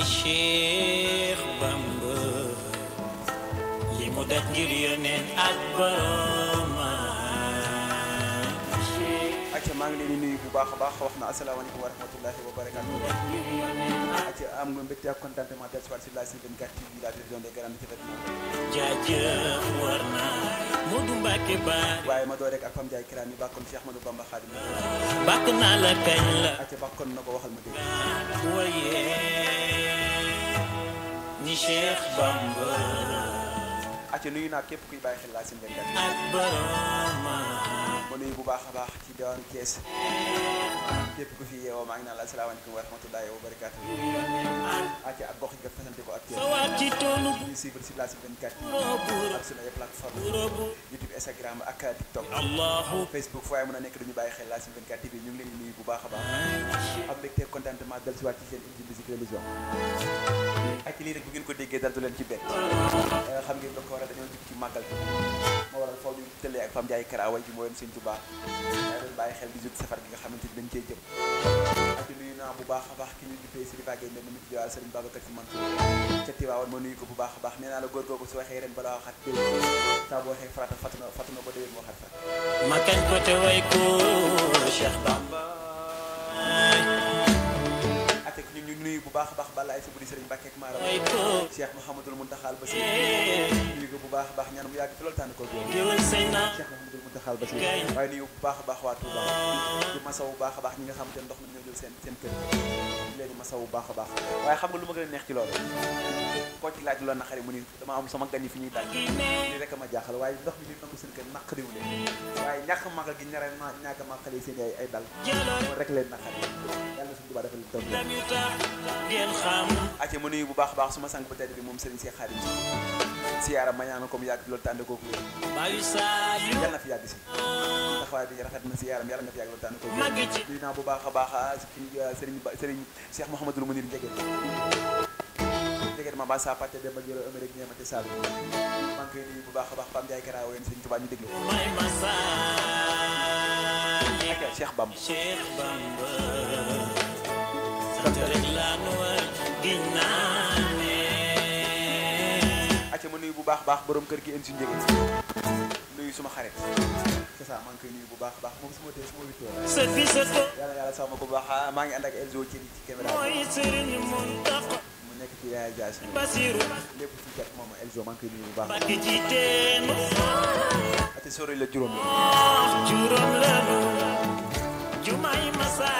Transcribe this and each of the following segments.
ni Cheikh Bamba li mu daj ngir yoneen ak borom maa ngi leen di bu baax a baax wax na asalaamaaleykum wa rahmatullahi wa barakatuh ba am nga mbégte ak contentement del soir sur la Sen 24 TV la télévision des grands événements jaajëf war na Modou Mbacke waaye ma door rek ak Pam Ndiaye Kira mi bàkkoon Cheikh Ahmadou Bamba Khadim bàkk naa la kañ la ci bàkkoon na ko waxal ma dégg waaye ni Cheikh Bamba acca nuyu naa képp kuy bàyyi xel laa sin benkat ma nuyu bu baax a baax ci diwaanu Thiès képp ku fi yeewoo maa ngi naan la asalaamaaleykum wa rahmatullahi wa barakaatu acca ak gox yi nga fasante ko ak Thiès ñuy suivre si laa sin benkat ak sunu ay plateforme YouTube Instagram ak TikTok Facebook fu waaye mën a nekk dañu bàyyi xel laa sin benkat TV ñu ngi leen di nuyu bu baax a baax am mbégte contentement dellusiwaat ci seen émission musique religion ak lii rek bu ko déggee dara du leen ci bett euh, xam ngeen da ko war a dañoo jub ci màggal bi moo waral foofu ñu tëllee ak Fam Njaay Kara way ji moo yoon sëñ Tuubaa doon xel di jóg safar gi nga xamante ni dañ cee jëm naa bu baax a baax ki ñu jubbee Serigne Bagay Mbène mi bu baax a baax nee naa la góor googu su waxee ren balaa waxaat dé saa boo waxee na fatu na ko déwén ma kañ ko te way ko nuyu bu baax a baax balaay si bu di sëriñ Mbàkke ak Maara Cheikh Mouhamadul Muntaxal Basir eh. nuyu ko bu baax baax ñaan mu yàgg fi loolu tànn ko Cheikh Mouhamadul Muntaxal Basir waaye nuyu bu baax a baax waa Touba ah. di masaw bu baax a baax ñi nga xamante ne ndox mi ñoo jël seen seen kër di leen masaw bu baax a baax waaye xam nga lu ma gën a neex ci loolu laaj la naqari mu ni am sama gan yi fi ñuy dal li rek ma jaaxal waaye ndox mi ñu nangu seen kër naqariwu leen waaye ñàkk màggal gi ñare ñàkk màggal yi seen ay dal rek leen naqari yàlla suñu Tuubaa dafa leen taw ngeen ma nuyu bu baax baax suma sang bu tedd bi moom seen si xaadim si si yaaram ma ñaanal ko mu yàgg loolu tànn kooku yàlla na fi si taxawaay bi rafet na si yaaram ma nga fi yàgg loolu tànn kooku nuyu naa bu baax a baax ah, ah, sëriñ sëriñ Cheikh Mouhamadul Mounir Njege njege ma ba sa parte dem ba jëlo Amérique ñeemate saabi maa ngi koy nuyu bu baax a baax Pam Ndiaye Kara woon sëriñ Tuubaa ñu déglu ak Cheikh Bamba acca ma nuyu bu baax baax borom kër gi en suñu njëge nuyu suma xarit c'est ça bu baax baax moom suma tee suma witoo yàlla yàlla sax ma ko baax ah, maa ngi ànd ak Elzo ci ci caméra mu nekk ci yaay jaay lépp ci jat moom Elzo maa ngi nuyu bu baax acca sori la juróom la la jumaay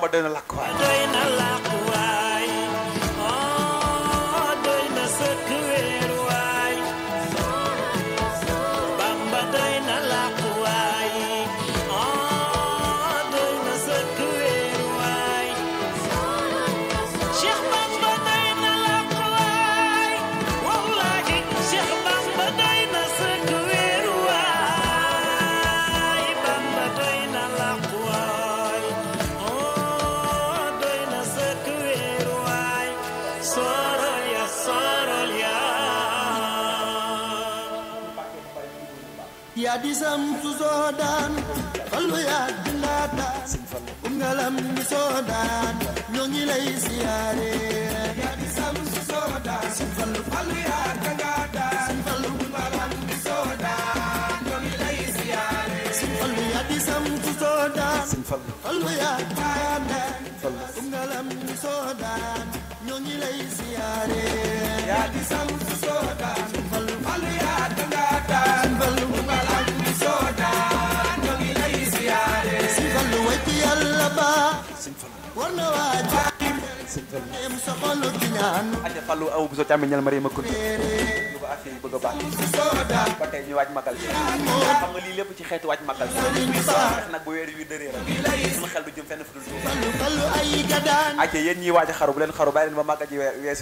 lamb dinna lakk disam su soo daan fallu yaa bindaataan ungalam mi soo daan ñoo ngi lay siyaare yaa disam su soo daan fallu sëñ Fall fallu yaa daanaan ungalam soo daan ñoo ngi lay siyaare yaa di sang soo daan fallu fallu yaa danga daan fallu ungalam soo daan ñoo ngi lay siyaare si fallu wekk yàlla ba war na waaj aja fallu aw bu so camiñal mari ma kuntu lu ko assi bëgg ba tay ñu waj magal xam nga li lepp ci xéetu waj magal nak bu dëré sama ya. xel du jëm fenn fallu ay gadan yeen ñi xaru bu xaru ba magal ji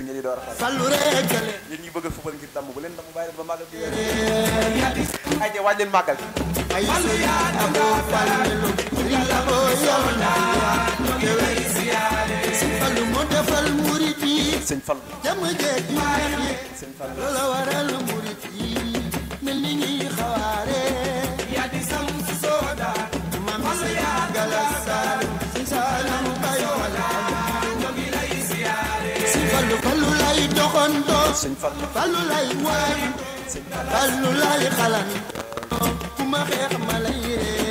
ñi di door xaru fallu rekkale yeen ñi bëgg football ngir tam bu leen tam bayleen ba magal ji wessu aja waj leen magal fallu ya fallu la na sëñ Fall. jàmm jeeg yu neex yi loola waral murit yi mel ni ñuy xawaare. yaa di sam sooda. man si galasaar. sëñ Saalum Fallu Fallu lay doxandoo. Fallu lay waay. Fallu lay xalan. ku ma xeex ma lay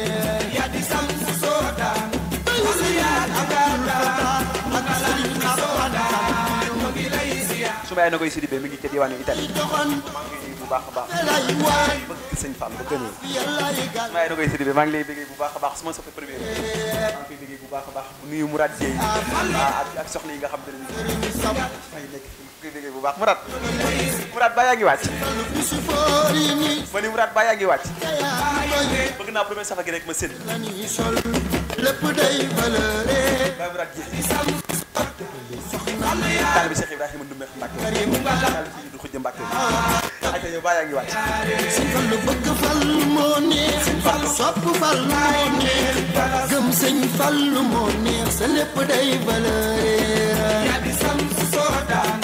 Soumaye Nogoy Sidibé mi ngi ca diwaanu Italie maa ngi nuyu bu baax a baax bëgg sëñ Fall ba gënal Soumaye Nogoy Sidibé maa ngi lay bëggee bu baax a baax su ma soppe première maa ngi koy bëggee bu baax a baax nuyu Mourad Dieye ah, ah, ak soxna yi nga xam te ne ay nekk koy bëggee bu baax Mourad Mourad ba yaa ngi wàcc ma ni Mourad ba yaa ngi wàcc bëgg naa premier safa gi rek ma seen ba Mourad Dieye taalibe Cheikh Ibrahima Ndoumbé Mbacke taalibe Cheikh Ibrahima Khoudia Mbacke ak yow baa yaa ngi wàcc sëñ fal lu bëgg fal moo neex sa lépp day valeur yaa di sam soodaan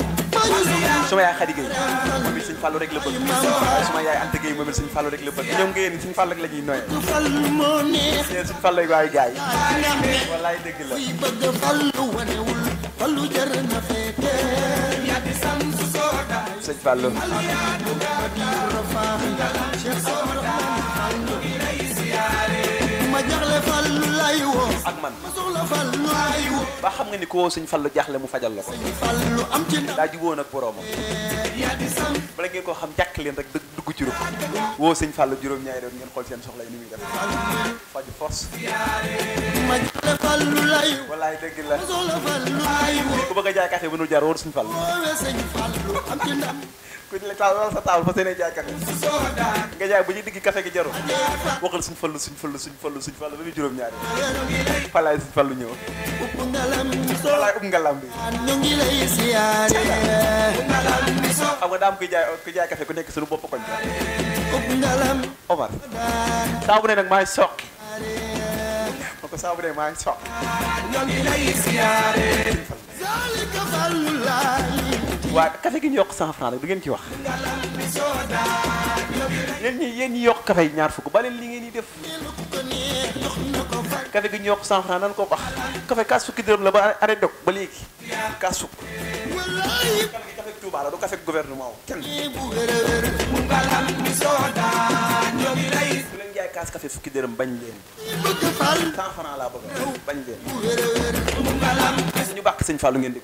suma yaay Xadi Gueye moom it sëñ Fallou rek la bëgg suma yaay Anta Gueye moom it sëñ Fallou rek la bëgg ñoom nga yéen sëñ Fallou rek la ñuy lu jar na fekke ya di sam su sooda ak man ba xam nga ni ku woo sëñ Fallu jaaxle mu fajal la ko daa jubóon ak boroomam bala ngeen koo xam jàkk leen rek dugg ci ruq woo sëñ Fallu juróom-ñaari yoon ngeen xool seen soxla yi ni muy def faju force wallaay dëgg la ku bëgg a jaay café mënul jaar wóor sëñ Fallu ku ñu la taal lool sa taal fa seen jaay kafe nga jaay bu ñuy digg kafe gi jarul waxal suñ fallu suñ fallu suñ fallu suñ fallu ba muy juróom-ñaari falaay suñ fallu ñëw falaay ub ngalam bi xam nga daam kuy jaay kuy jaay kafe ku nekk suñu bopp koñ Omar saa bu ne nag maay soqi ma ko saa bu ne maay soqi waa café gi ñu yokk 100 francs rek du ngeen ci wax yéen ñi yéen ñi yokk café ñaar fukk ba leen li ngeen di def café gi ñu yokk 100 francs nan ko wax café kaas fukki dërëm la ba arrêté dog ba léegi kaas fukk café Touba la du café gouvernement kenn bu leen jaay kaas café fukki dërëm bañ leen 100 francs laa bëgg bañ leen ñu bàkk sëñ Fallou ngeen dégg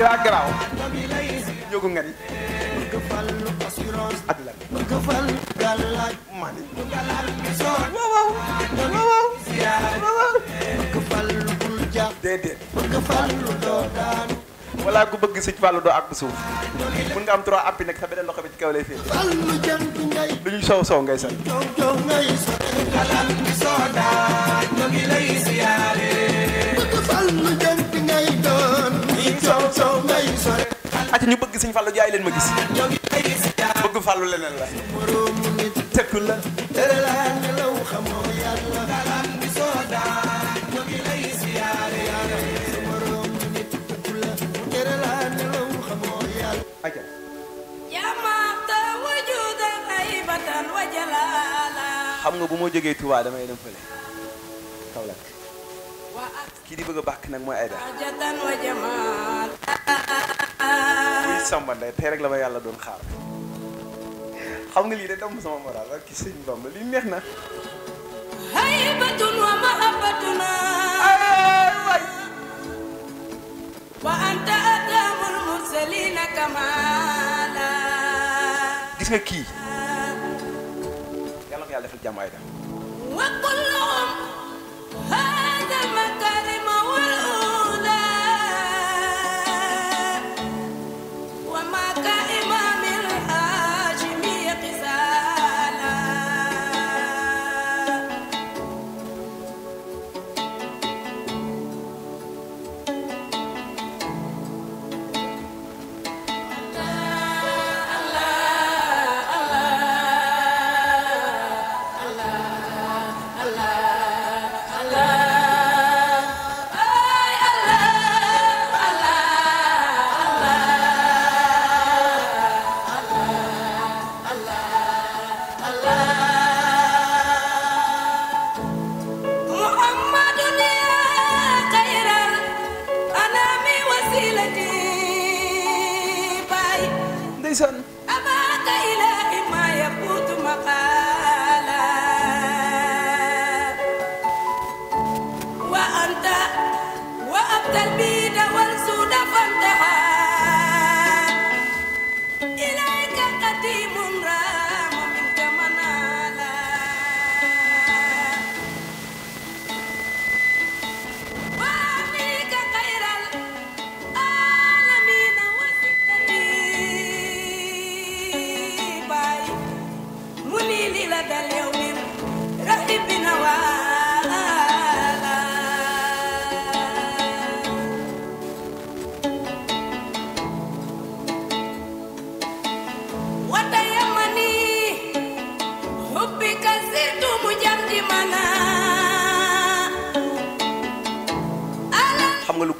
yaa garaaw jógu nga ni ak lan ma ni waaw waaw waaw waaw déedéet wala ku bëgg sëñ Fallou doo àgg suuf mun nga am trois appi nag sa beneen loxo bi ci kaw lay fii lu ñuy sow sow ngay sal ak ñu bëgg sëñ Fallou jaay leen ma gis bëgg Fallou leneen la tëkku la xam nga bu ma jógee Touba damay dem fële Kaolack kii di bëgg a bàkk nag mooy Aïda Sama nday tey la ma yàlla doon xaar xam sama moral rek ki sëñ bamba lii haybatun wa mahabbatuna wa anta adamul kamala gis nga kii yàlla ko yàlla defal jàmm Guten Tag.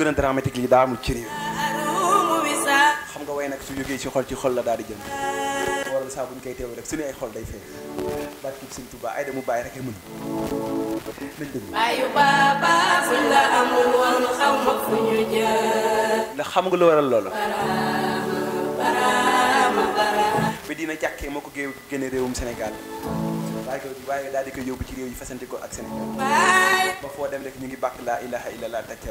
gën a daa ci réew xam nga way nag su jógee ci xol ci xol la daal di jëm waral saa koy teew rek suñu ay xol day feeñ barkib sëñ Tuubaa a mën nañ la amul woon xaw ma fu ñu jëm ndax xam nga lu waral loolu bi dina jàkkee moo ko géew génne réewum Sénégal xew ji waaye daal di koy yóbbu ci réew yi fasanti ko ak Sénégal ba foo dem rek ñu ngi bàkk laa ilaha illallah teg ca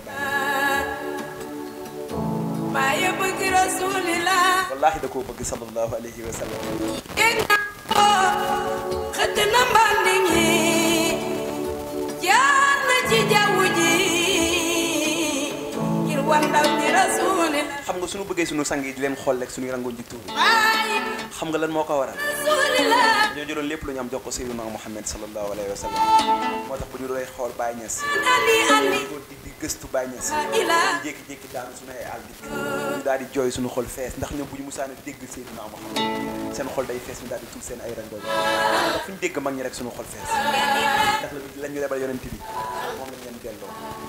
bàyyi bëgg rasulillah wallaahi da koo bëgg sallallahu alayhi wa sallam yëg na ko xëdd na mbànd ñi jaar na ci jaww ji ngir wan ndaw xam nga suñu bëggee suñu sang yi di leen xool rek suñuy rangoon ji tuubi xam nga lan moo ko waral ñoo jëloon lépp lu ñu am jox ko Seydina Muhammad sallallahu alayhi wa sallam moo tax bu ñu doon xool Baye Niass di gëstu Baye Niass jékki-jékki daanu suñu ay àll dikk ñu daal di jooy suñu xol fees ndax ñoom bu ñu musaana dégg Seydina Muhammad seen xol day fees ñu daal di tuub seen ay rangoon ndax fu ñu dégg mag ñi rek suñu xol fees ndax la lañ a lebal yonent bi moom lañ leen delloo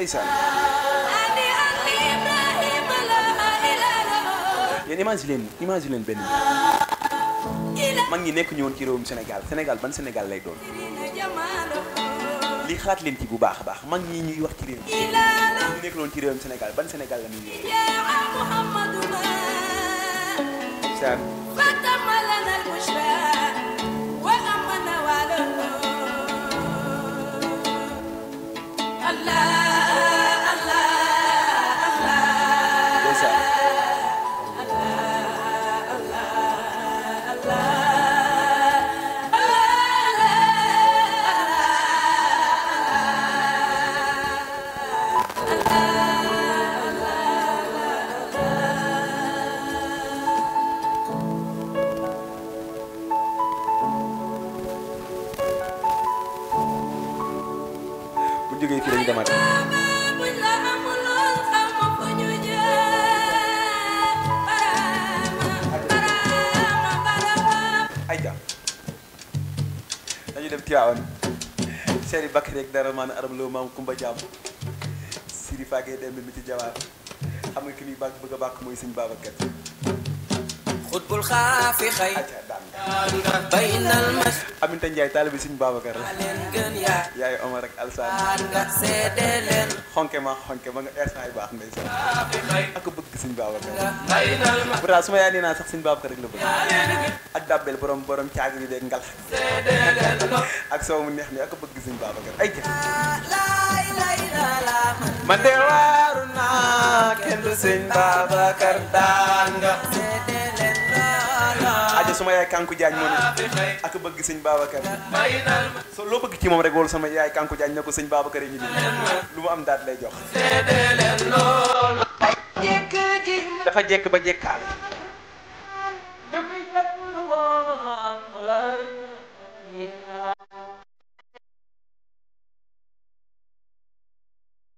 ndeysaan yéen ya, imagine leen imagine leen benn mag ñi nekk ñu woon ci ban senegal lay doon lii xalaat leen ci bu baax a baax mag ñi wax ci réew ñu nekk loon ci réewum Sénégal ban senegal la ñuy iya, ñëw ya, Tiwaawan Seri Bakari rek dara maanaam aram loo maam Kumba Jaam Siri Fage dem mi ci jawaar xam nga ki ñuy bàkk bëgg a bàkk mooy suñu Babacar xutbul xaafi xay bay nal mas Aminta Ndiaye taalibi Sëriñ Babacar la yaay Omar ak Alsaan seede leen xonke ma xonke ma nga instant yi baax ndeysaan ak bëgg Sëriñ Babacar pourtant su ma yaay nee naa sax Sëriñ Babacar rek la bëgg ak dàbbel borom borom caag yi beeg ngal ak soo mu neex mi ak bëgg Sëriñ Babacar ay jëf man de waaru naa kenn du Sëriñ Babacar daan nga te suma yaay kanku jaañ moo ne ak loo bëgg ci moom rek wol sama yaay kanku jaañ na ko sëñ Babacar yi ngi nii lu mu am daat lay jox dafa jekk ba jekkaal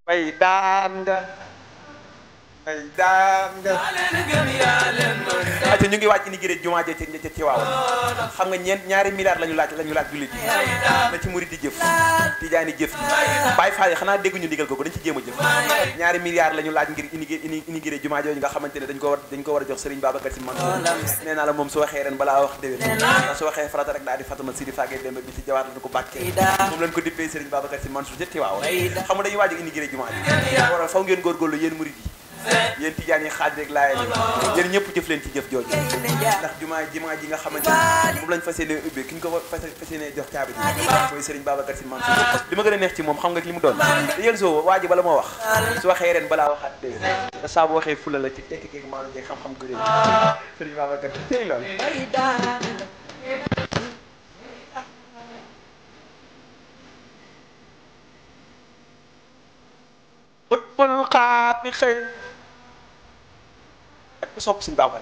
bay daam nga bay daam nga ayca ñu ngi waaj inigéré jumaa ñu laaj la ñu laaj ci murid jëf a ñaari milliards la laaj ngir inigéré inigéré jumaa jooju nga xamante dañ ko war dañ ko war a jox Serigne Babacar Sy Mansour nee ca Tiwaawan xam dañuy waaj inigéré jumaa ji faw ngeen góorgóorlu yéen murid yi yéen tijaan yi xaaj rek laay rek yéen ñëpp jëf leen ci jëf jooju ndax jumaa ji nga xamante ni moom lañ fas yéene ubbi ki ñu ko fas yéene jox caabi ji mooy Serigne Babacar Sy Mansour li ma gën a neex ci moom xam nga li mu doon yéen soo waa ji bala moo wax su waxee ren balaa waxaat dé te saa waxee fula la ci tekki geeg maanu geeg xam-xam gu rëy Serigne Babacar tey loolu pessoal conseguiu dar uma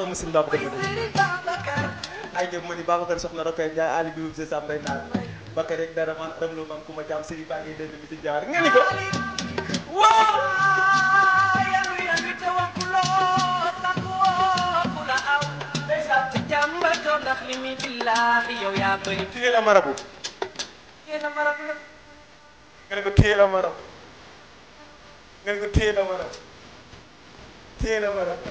xaw ma sin Babacar Mbodj ay jëm ma ni Babacar kan soxna Rokhaya Ndiaye Ali bi wub se sambay rek dara man lu mam mi si jaar nga ni ko waaw téye la marabu téye la marabu nga ko téye la marabu nga ko la marabu la marabu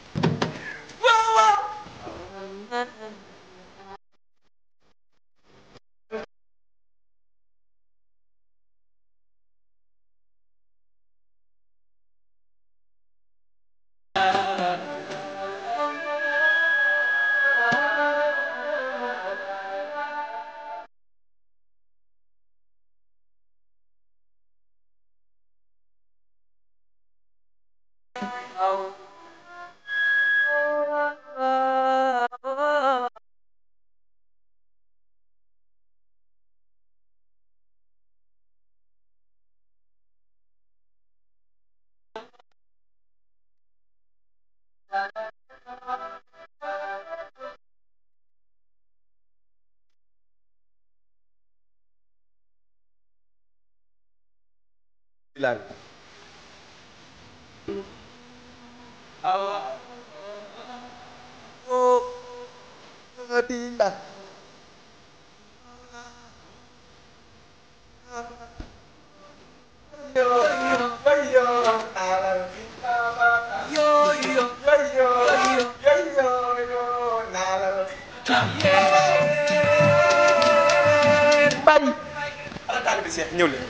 Claro. Cheikh ñëw leen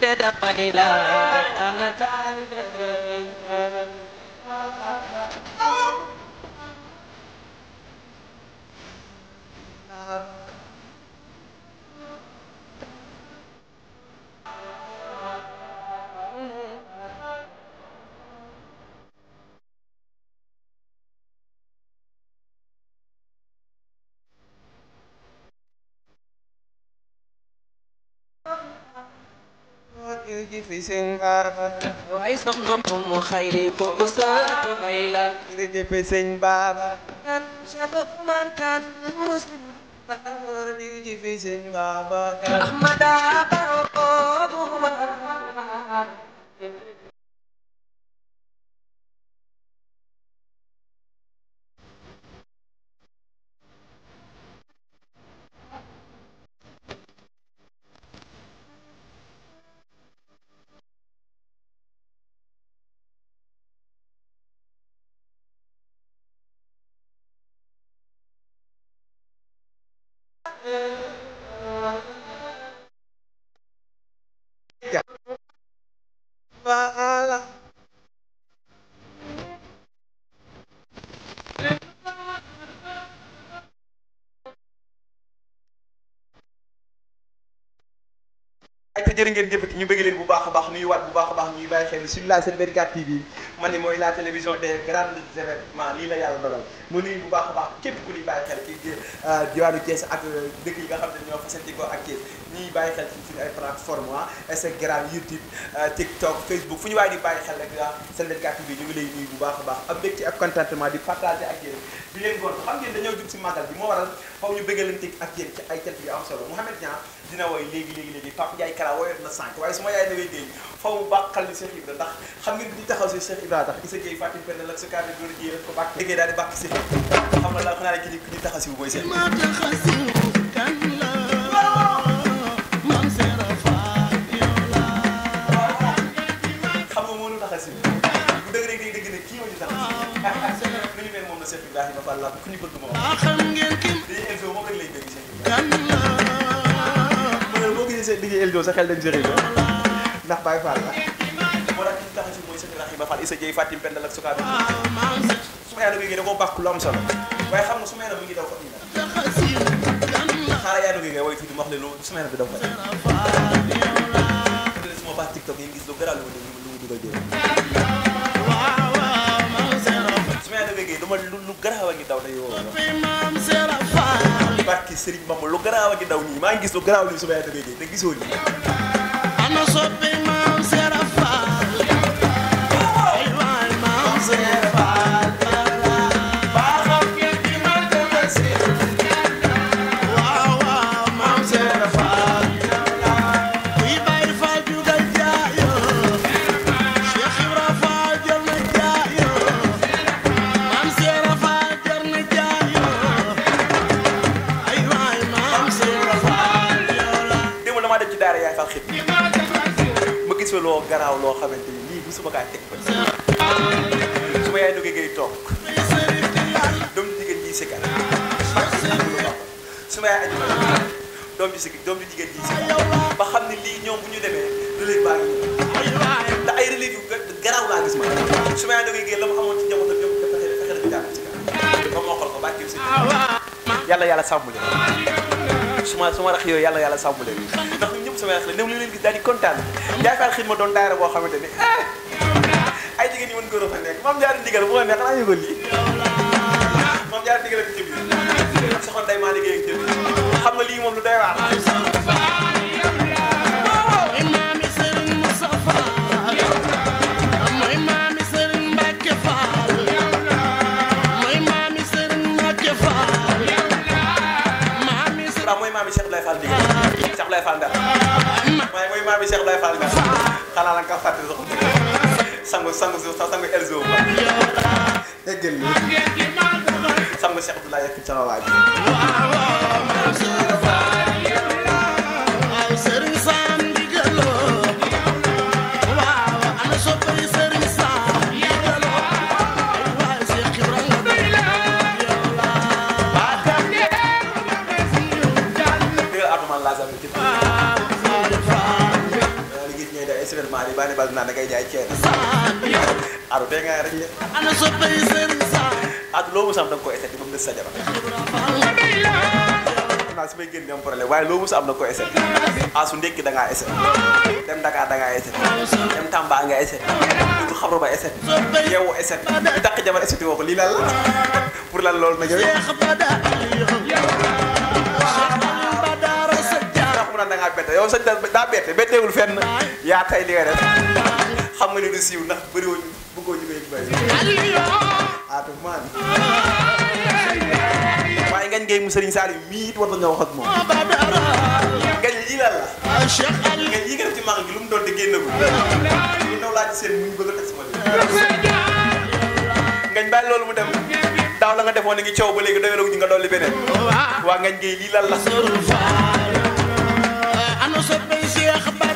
waaye sax xam mu xayri ko ustaat may la jërëjëf sëñ Baba mantan muslim jërëjëf sëñ Baba ahmada baro bu ma jërë ngeen jëf ñu bëgg leen bu baax a baax nuyu waat bu baax a baax ñuy bàyyi xel sur la Sen 24 TV man ni mooy la télévision des grands événements lii la yàlla dogal mu nuyu bu baax a baax képp ku ñuy bàyyi xel ci euh, diwaanu Thiès ak euh, dëkk yi nga xam ne ñoo fasante ko ak Thiès ñuy bàyyi xel ci suñu ay plateforme Instagram YouTube euh, TikTok Facebook fu ñu waaye di bàyyi xel rek Sen 24 TV ñu ngi lay bu baax a baax am mbégte ak contentement di partager ak yéen di leen gont xam ngeen dañoo jub si màggal bi moo waral faw ñu bëggalante ak yéen ay cant yu am solo Mouhamed dina woy léegi léegi léegi Pape Kara woyoon na sànq waaye su ma yaay nawee déey faw mu bàqal ni Cheikh Ibra xam ngeen di taxaw si Cheikh Ibra tax isa Gueye Fatim Penda lak sa kaane góor ji rek ko bàq di bàq si xam nga la xanaa ne ki ni ku ñu taxaw si bu mooy seen balla ku ñu bëgg moom. Ah, xam ngeen ki. dañuy invité moom rek lay bëgg seen kan la. boo gisee seen liggéey Eljo sa xel dañ si réew ndax Baye Fall la. moo tax ñu tax si mooy seen Ibrahima Fall Issa Dieye Fatim Pendal ak Souka ah, bi. su ma yaay nag da koo bàkk lu am solo waaye xam nga su ma yaay nag mi ngi daw ko indi. xaaral yaay nag ngay woy tuuti ma wax leen lu su ma yaay nag bi daw ko indi. su ma baax TikTok yi gis lu gëral lu mu dugal déggee dama lu lu garaaw a ngi daw day woo. barki Serigne Bamba lu garaaw a ngi daw nii maa ngi gis lu garaaw lii su ma yaatu déggee te gisoo lii. ana soppi maam Serap Fall. waaw waaw maam Serap. garaaw loo xamante ni lii musuma kaa teg ba tey su ma yaay duggee ngay toog doom ji sikar doom ji sikar ji sikar ba xam ne lii ñoom bu ñu demee relève baa ngi ñëw te ay relève yu garaaw laa gis ma su ma yaay duggee ngay la mu amoon ci njabootam ñoom dafa fexe dafa jàpp sikar ba moo xool ko ba kii sikar yàlla yàlla sàmm leen su ma su ma rax yooyu yàlla yàlla sàmm leen semence la néew li leen gis daal di kontaan Ndiaye Fall xidma doon daayira boo xamante na ah, ay jigéen ñi mën góor a fa nekk maam jaara ndigal bu ko neex xanaa yëgoon lii maam jaara ndigal a fi jëm yi soxna day maa liggéey ak jëm xam nga lii moom lu doy maami Cheikh Ibrahima Fall bi Cheikh Ibrahima Fall Ndar waaye mooy maami Cheikh Ibrahima Fall Ndar xanaa la nga fàtte sax sangu sangu sangu Elzo ba eggal ni sangu Cheikh Abdoulaye ak sama waaj def naa da aja jaay ceeb aru dee ngaa rek ana soppay seen sa at loo mu sam da ko essayé ba mu sa jabar eset, si may génn problème waaye loo mu am da ko essayé eset su ndékki da ngaa essayé dem Dakar da dem Tamba na da ngaa bette yow sëñ daa bette betteewul fenn yaa tay li nga def xam nga ni du siiw ndax bëriwoo ñu bëggoo ñu koy bay aatu maan waaye ngañ ngay mu sëriñ Saali mii it war na nga wax ak moom ngañ lii lan la ngañ yi nga def ci mag gi lu mu doon di génn ko ñu ndaw laa ci seen muñ bëgg a teg sama ngañ bàyyi loolu mu dem daaw la nga defoon ni ngi coow ba léegi doyaloo ñu nga dolli beneen waa ngañ ngay lii lan la Joseph Benzia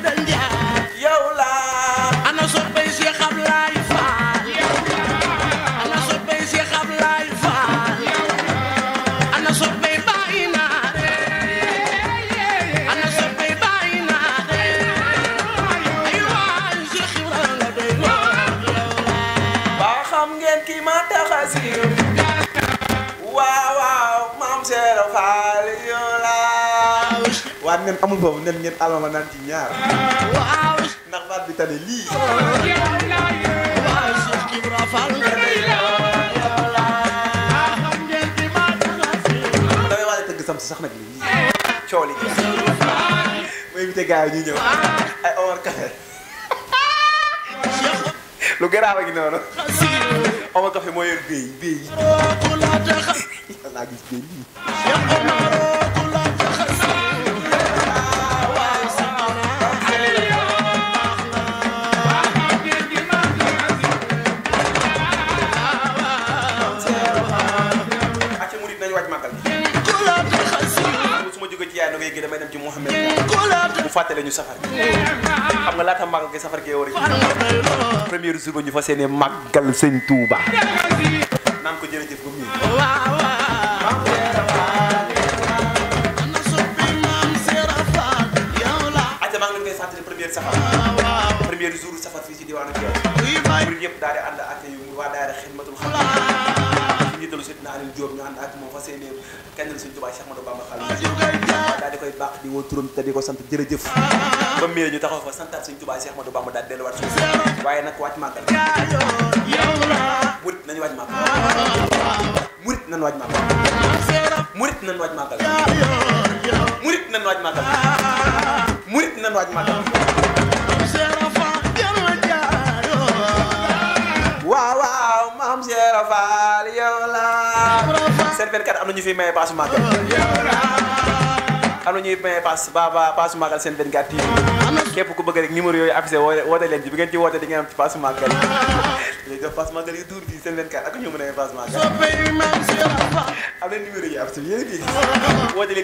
ngeen amul foofu nen ngeen alma ma naan ci ñaar ndax baat bi tane lii damay waaj a tëgg sam si sax nag lii cool yi ma invité gars yi ñu ñëw ay Omar Café lu garaaw a ngi noonu Omar Café moo yor béy béy yi laa gis béy yi fàttale ñu safar xam nga laata màggal gi safar premier jour ñu fas yéene màggal Touba naan ko jërëjëf ba safar premier jour safar fii ci diwaanu Thiel ñëpp daal di ànd ak waa xidmatul njiitalu sit na ñu ak Cheikh Bamba di koy di te di ko ba ñu taxaw fa Cheikh Bamba nañu nañu maam Cheikh Fall yow laa seen 24 am na ñu fi may paasu màggal am na ñuy may paas ba ba paasu màggal seen 24 TV képp ku bëgg rek numéro yooyu affiché woote leen ci bi ngeen ci woote di ngeen am ci paasu màggal léegi def paasu màggal yu tuur fii seen 24 ak ñu mën a paasu màggal am numéro yi affiché leen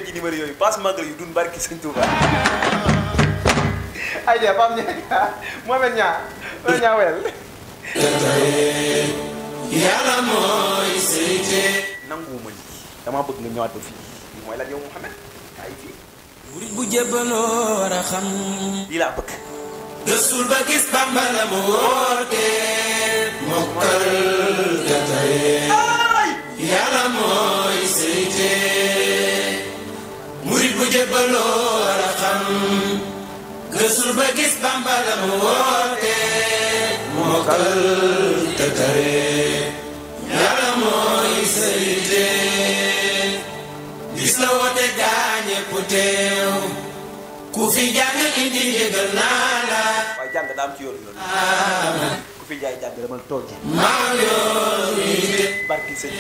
ci numéro yu barki Touba ay pam ñaa ñaa wel yàlla mooy seyte nanguwuma lii damaa bëgg nga ñëwaat ba fii lii mooy lan yow Mouhamed kaay fii murit bu jébbaloo war a xam lii laa bëgg gëstul ba gis Bàmba la mu woote mokkal gatayee yàlla mooy seyte murit bu jébbaloo war a xam gëstul ba gis Bàmba la mu woote mokkal gatayee ku teew ku fi jàng indi yëgal naa la. waaye jàng daa am ci yoon yoon. ku fi jaay jàng dama tool ji. maa yoon yi de. barki sëñ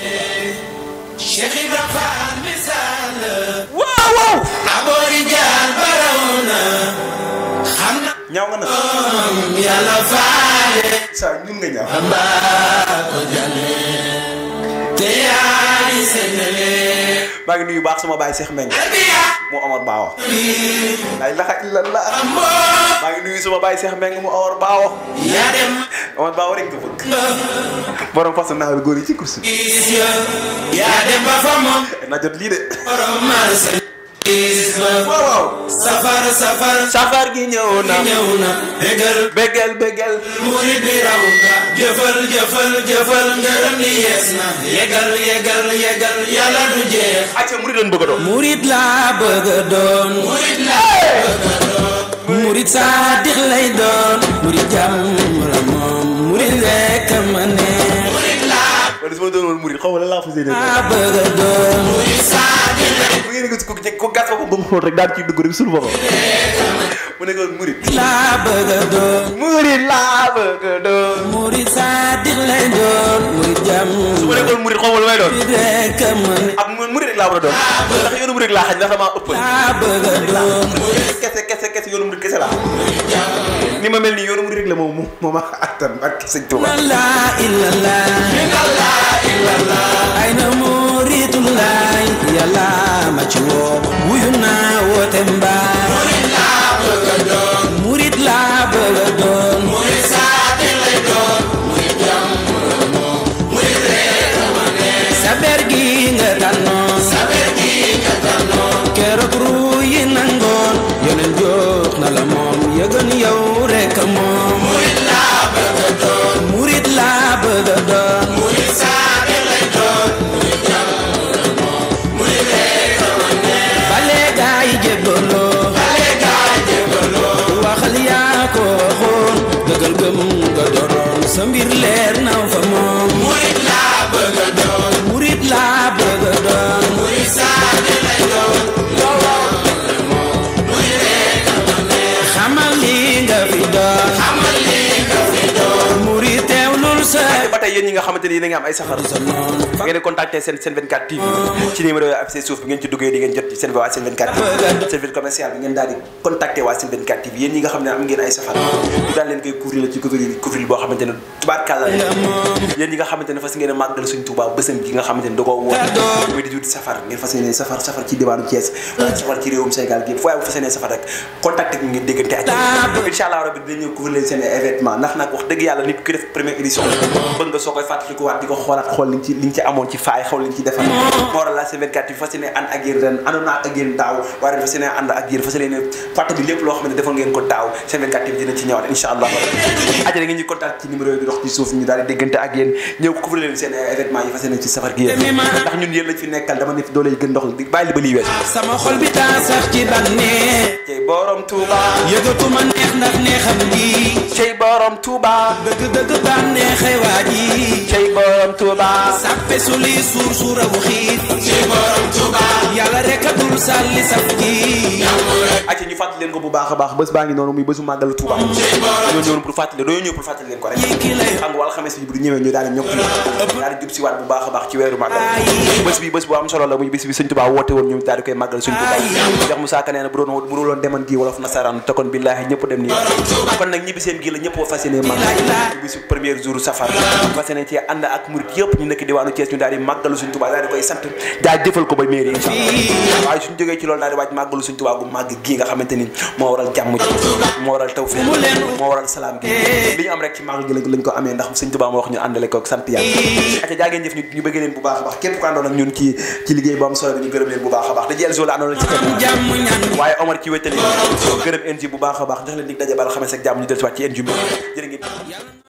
Cheikh Ibra Fall misaal la. waaw waaw. aboori jaar baraw na. xam na. ñaaw nga na. yàlla faale. saa ñun nga ñaaw. mbaa ko jàllee. te yaay séddale. maa ngi nuyu baax sama baay Cheikh Mbengue. mu Omar Baawo. la ilaha illallah. maa ngi nuyu sama baay Cheikh Mbengue mu Omar Baawo. yaa dem. Omar Baawo rek nga bëgg. borom fas naa góor yi ci kursi. yaa dem ba fa moom. na jot lii de. safar safar safar doon bëgg laa bëgg doon murid laa bëgg doon murid saadix lay doon murid jàmm ramoom lekk ma neex wala su ma doon woon murid xaw ma lan laa fas yéene. maa bëgg a doon murid saadix. bu ngeen gis ko ko gas ko ba mu xool rek daal ciy dugg rek suñu boppam. mu ne ko murid. laa bëgg a doon. murid laa bëgg a doon. murid saadix lay doon. murid jàmm. su ma nekkoon murid xaw ma lu may doon. ak murid rek laa war a doon. ndax yoonu murid laa xaj ndax damaa ëppal. laa bëgg a doon. kese kese kese yoonu murid kese laa. ni ma mel nii yoonu murid rek la moom moo ma attan ak sëñ Tuuba. la ilaha illallah. ay na muritullah yàlla ma ci woo wuyu naa wootem sa mbir laa bëgg a doon laa bëgg a doon saa di lay doon looloo bëgg a moom muy rek a ma neex xamal li nga fi doon xamal li nga fi doon murit teewlul sa ba tey yéen ñi nga xamante ni a ngi am ay saxar ngeen di contacter seen seen 24 TV ci numéro yi ak seen suuf bi ngeen ci duggee di ngeen servi waa commercial bi ngeen daal di contacter waa Sen 24 TV yéen ñi nga xam ne am ngeen ay safar ñu daal leen koy couvrir la ci couvrir boo xamante ne tubaarkàlla yéen ñi nga xamante ne fas ngeen a suñ Touba bësam gi nga xamante ne da koo woon muy safar ngeen fas yéene safar safar ci diwaanu Thiès waaye safar ci réewum safar rek contacter ñu ngeen déggante ak incha allah rabbi dinañ ñëw couvrir leen wax dëgg yàlla nit ku def première édition bëgg nga ànd ak yéen daaw waaye dañ fas yéene ànd ak yéen fas yéene fàttali lépp loo xam ne defoon ngeen ko daaw seen 24 TV dina ci ñëwaat incha allah aja da ngeen ñu contact ci numéro yi di dox ci suuf ñu daal di déggante ak yéen ñëw ko couvrir leen seen événement yi fas yéene ci safar gi yéen ndax ñun yéen lañ fi nekkal dama ne fi doole yi gën dox di bàyyi li ba lii wees sama xol bi taa sax ci bànneex cey borom Touba yëgatuma neex ndax neexam gi cey borom Touba dëgg dëgg bànneexee waa ji cey borom Touba sàppe su li suur suurawu xiit cey borom Touba yàlla rek Salisatul Sali Sakki. ayca ñu fàttali ko bu baax baax bés baa ngi noonu muy bésu màggalu Touba. ñoo ñëwoon pour fàttali dañoo ñëw pour fàttali ñëwee ñu daal di ñokk daal di jub si waat bu baax a baax ci weeru màggal. bés bi bés bu am woote woon ñu daal di koy màggal suñu Touba. Cheikh Moussa Ka nee na bu doon bu doon deman gi wolof nasaraan te kon billaahi ñëpp dem nii kon nag ñibbi gi la ñëpp fas màggal ak murit yëpp ñu nekk diwaanu Thiès ñu daal di màggalu suñu Touba daal di koy sant daal jëfal ko ba mairie waaye suñ jógee ci loolu daal di waaj màggalu suñ Tuubaa gu màgg gii nga xamante ni moo waral jàmm ji moo waral tawfeex moo waral salaam bi li am rek ci ko amee ndax suñ Tuubaa moo wax ñu àndale leen bu baax a baax képp ko àndoon ak ñun ci ci liggéey bu am solo bi ñu gërëm leen bu a baax daji elzo ci kenn waaye bu baax a baax jox leen dig daje ba alxames ak jàmm ñu del ci